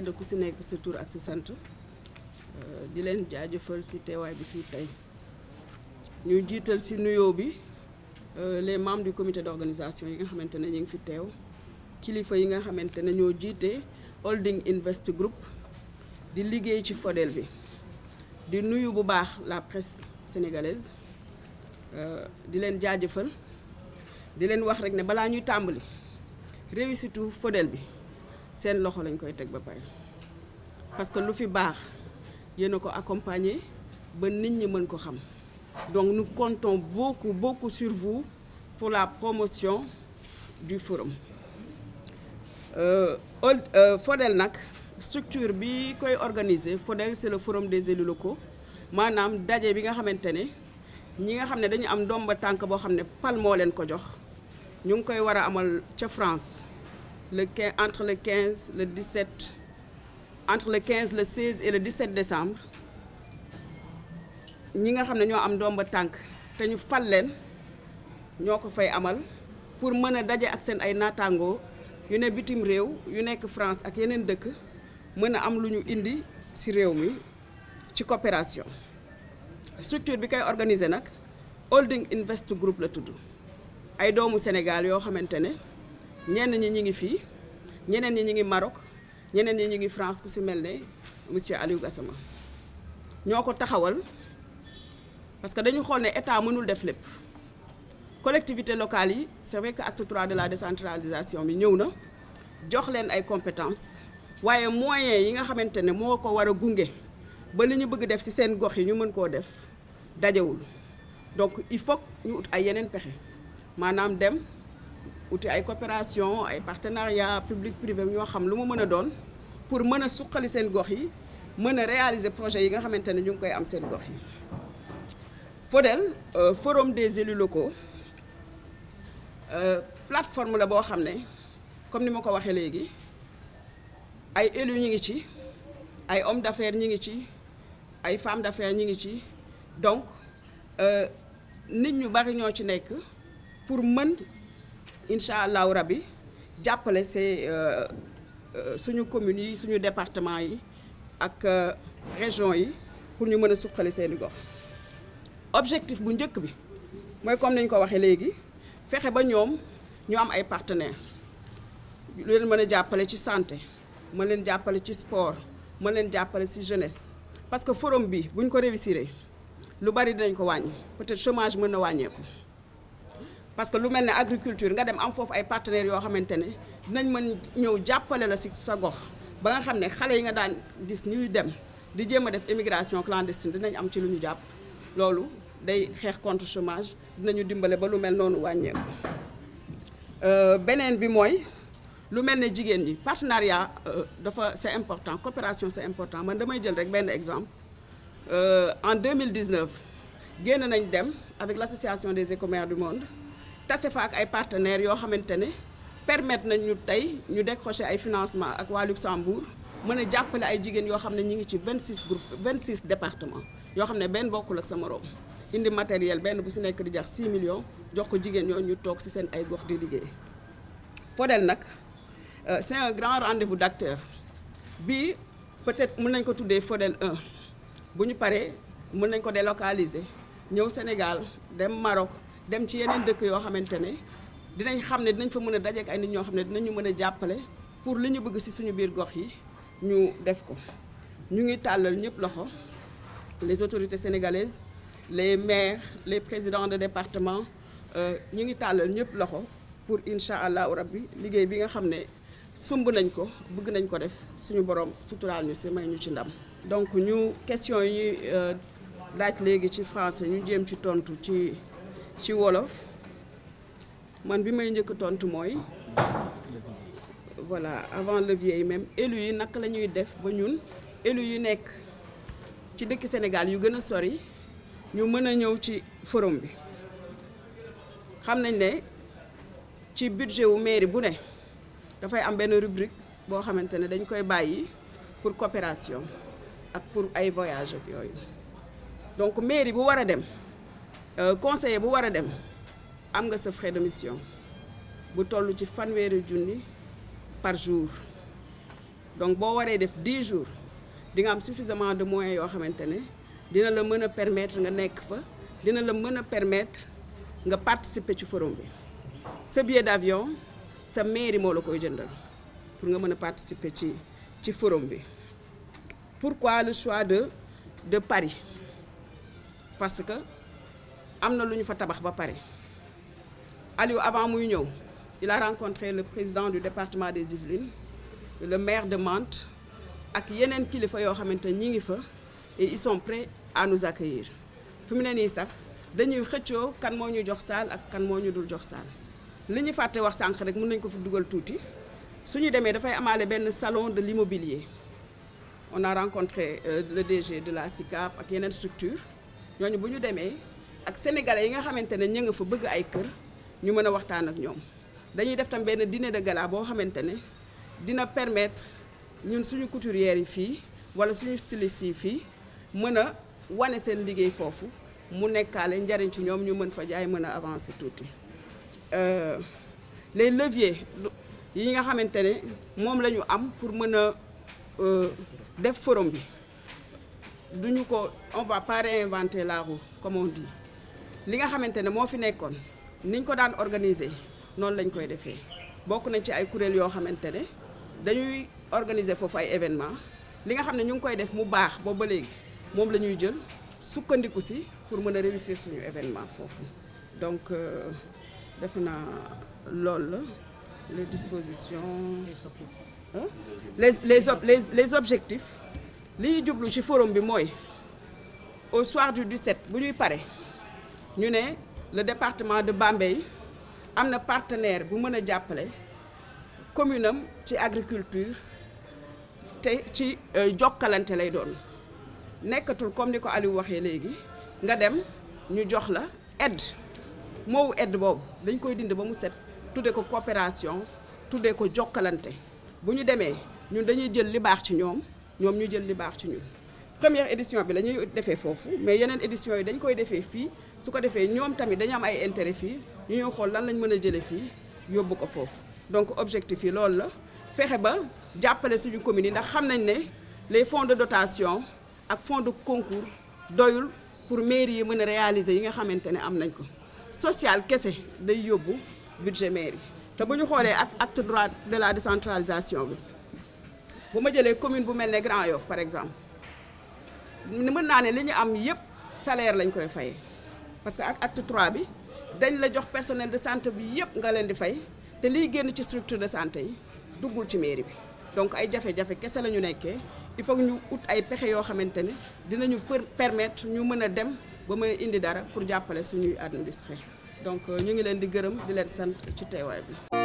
kenn ku si nekk sa tur ak sa sant euh, di leen jaajëfal si teewaay bi fii tey ñuy jiital si nuyoo bi euh, les membres du comité d'organisation yi nga xamante ne ñu ngi fi teew kilifa yi nga xamante ne ñoo jiite holding invest group di liggéey ci Fodel bi di nuyu bu baax la presse sénégalaise euh, di leen jaajëfal di leen wax rek ne balaa ñuy tàmbali réussite Fodel bi. seen loxo lañ koy teg ba pare parce que lu fi baax yéen ko accompagner ba nit ñi mën ko xam donc nous comptons beaucoup beaucoup sur pour la promotion du forum euh, euh, Fodel nag structure bi koy organiser Fodel c'est le forum des la ko maanaam daje bi nga xamante ne ñi nga xam ne dañu am ndomba tànk boo xam ne PAL moo leen ko jox ñu ngi koy war a amal ca France le entre le quinze le 17 entre le quinze le 16 et le 17 décembre ñi nga xam ne ñoo am doom ba tànk te ñu fal leen ñoo ko fay amal pour mën a daje ak seen ay naataangoo yu ne bitim réew yu nekk France ak yeneen dëkk mën a am lu ñu indi ci réew mi ci coopération structure bi koy organiser nag Holding Invest Group la tudd ay doomu Sénégal yoo xamante ne. ñenn ñi ñu ngi fii ñeneen ñi ñu ngi Maroc ñeneen ñi ñu ngi France ku si mel ne monsieur Aliou Gassama ñoo ko taxawal parce que dañu xool ne état mënul def lépp collectivité locale yi c'est vrai que trois de la décentralisation bi ñëw na jox leen ay compétences waaye moyens yi nga xamante ne moo ko war a gunge ba li ñu bëgg def ci seen gox yi ñu mën koo def dajewul donc il faut ñu ut ay yeneen pexe maanaam dem. wuti ay coopération ay partenariat public privé ñoo xam lu mu mën a doon pour mën a suqali seen gox yi mën a réaliser projet yi nga xamante ne ñu ngi koy am seen gox yi Fodel euh, forum des élus locaux euh, plateforme la boo xam ne comme ni ma ko waxee léegi ay élus ñi ngi ci ay hommes d'affaires ñi ngi ci ay femmes d'affaires ñi ngi ci donc euh, nit ñu bari ñoo ci nekk pour mën incha allahu rabi jàppale c'est euh, euh, suñu communes yi suñu département yi ak euh, région yi pour ñu mën a suqali seeni gox objectif bu njëkk bi mooy comme nañ ko waxee léegi fexe ba ñoom ñu am ay partenaires lu leen mën a jàppale ci santé mën leen jàppale ci sport mën leen jàppale ci jeunesse parce que forum bi bu ñu ko réussiré lu bari dinañ ko wàññi peut-être chômage mën na wàññeeku. parce que lu mel ne agriculture nga dem am foofu ay partenaires yoo xamante ne dinañ mën ñëw jàppale la si sa gox ba nga xam ne xale yi nga daan gis ñuy dem di jéem a def immigration clandestine dinañ am ci lu ñu jàpp loolu day xeex contre chômage dinañu dimbale ba lu mel noonu wàññeeku. Euh, beneen bi mooy lu mel ne jigéen ñi partenariat euh, dafa c'est important coopération c'est important man damay jël rek benn exemple euh, en 2019 génn nañ dem avec l'association des écomaires du monde. tase fa ak ay partenaires yoo xamante ne permettre nañ ñu tey ñu décrocher ay financement ak waa Luxembourg mën a jàppale ay jigéen yoo xam ne ñu ngi ci 26 groupes 26 départements yoo xam ne benn bokkul ak sa moroom indi matériel benn bu si nekk di jax 6 millions jox ko jigéen yoo ñu toog si seen ay gox di liggéey. Fodel nag euh, c'est un grand rendez-vous d'acteurs bii peut-être mën nañ ko tuddee Fodel 1 bu ñu paree mën nañ ko délocaliser ñëw Sénégal dem Maroc. dem ci yeneen dëkk yoo xamante ne dinañ xam ne dinañ fa mën a dajeek ay nit ñoo xam ne dinañu mën a jàppale pour li ñu bëgg si suñu biir gox yi ñu def ko ñu ngi tàllal ñëpp loxo les autorités sénégalaises les maires les présidents de département euh, ñu ngi tàllal ñëpp loxo pour incha allahu rabbi liggéey bi nga xam ne sumb nañ ko bëgg nañ ko def suñu borom suturaal ñu si may ñu ci ndam. donc ñu question yi daaj euh, léegi ci français ñu jéem ci tontu ci. ci wolof man bi may njëkk tontu mooy voilà avant le vieil même élu yi naka la ñuy def ba ñun élu yi nekk ci dëkk Sénégal yu gën a sori ñu mën a ñëw ci forum bi xam nañ ne ci budget wu mairie bu ne dafay am benn rubrique boo xamante ne dañ koy bàyyi pour coopération ak pour ay voyage ak yooyu donc mairie bu war a dem Euh, conseiller bu war a dem am nga sa frais de mission bu toll ci fanweeri junni par jour donc boo waree def 10 jours di nga am suffisamment de moyens yoo xamante ne dina la mën a permettre nga nekk fa dina la mën a permettre nga participer ci forum bi sa billet d'avion sa mairie moo la koy jëndal pour nga mën a participer ci ci forum bi pourquoi le choix de de Paris parce que am na lu ñu fa tabax ba pare Aliou avant muy ñëw il a rencontré le président du département des Yvelines le maire de Mantes ak yeneen kilifa yoo xamante ñi ngi fa et ils sont prêts fi mu ne nii sax dañuy xëccoo kan moo ñu jox saal ak kan moo ñu dul jox saal li ñu fàtte wax sànq rek mun nañ ko fi dugal tuuti su ñu demee dafay amaale benn salon de l'immobilier on a rencontré euh, le DG de la SICAP ak yeneen structure ñooñu bu ñu demee ak yi nga xamante ne ñu nga fa bëgg ay kër ñu mën a waxtaan ak ñoom dañuy def tam benn dîner de gala boo xamante ne dina permettre ñun suñu couturières yi fii wala suñu stylistes yi fii mën a wane seen liggéey foofu mu nekkaale njariñ ci ñoom ñu mën fa jaay mën a avancer tuuti euh, les levier yi nga xamante ne moom la ñu am pour mën a euh, def forum bi duñu ko on va pas réinventer la roue li nga xamante ne moo fi nekkoon niñ ko daan organiser noonu lañ koy defee bokk nañ ci ay kuréel yoo xamante ne dañuy organiser foofu ay événement li nga xam ne ñu ngi koy def mu baax boobu ba léegi moom la ñuy jël sukkandiku si pour mën a réussir suñu événement foofu donc euh, defe naa loolu la les dispositions les les les objectifs li ñuy jublu ci forum bi mooy au soir du 17 bu ñuy pare ñu ne le département de bambay am na partenaire bu mën a jàppale commune am ci agriculture te ci euh, jokkalante lay doon nekkatul comme ni ko Aliou waxee léegi nga dem ñu jox la edd moowu aide boobu dañ koy dind ba mu set tuddee ko coopération tuddee ko jokkalante bu ñu demee ñun dañuy jël li baax ci ñoom ñoom ñu jël li baax ci ñun première édition bi la ñuy defee foofu mais yeneen édition yi dañ koy defee fii su ko defee ñoom tamit dañu am ay intérêt fii ñu ñëw xool lan lañ mën a jëlee fii yóbbu ko foofu donc objectif yi loolu la fexe ba jàppale suñu communes yi ndax xam nañ ne les fonds de dotation ak fonds de concours doyul pour mairie yi mën a réaliser yi nga xamante ne am nañ ko social kese day yóbbu budget mairie te bu ñu xoolee ak acte droit de la décentralisation bi bu ma jëlee commune bu mel ne Grand par exemple mën naa ne li ñu am yëpp salaire lañ koy fay parce que ak acte 3 bi dañ la jox personnel de santé bi yëpp nga leen di fay te liy génn ci structure de santé yi duggul ci mairie bi donc ay jafe-jafe kese la ñu nekkee il faut ñu ut ay pexe yoo xamante ne dinañu permettre ñu mën a dem ba mën a indi dara pour jàppale suñuy administré donc euh, ñu ngi leen di gërëm di leen sant ci teewaay bi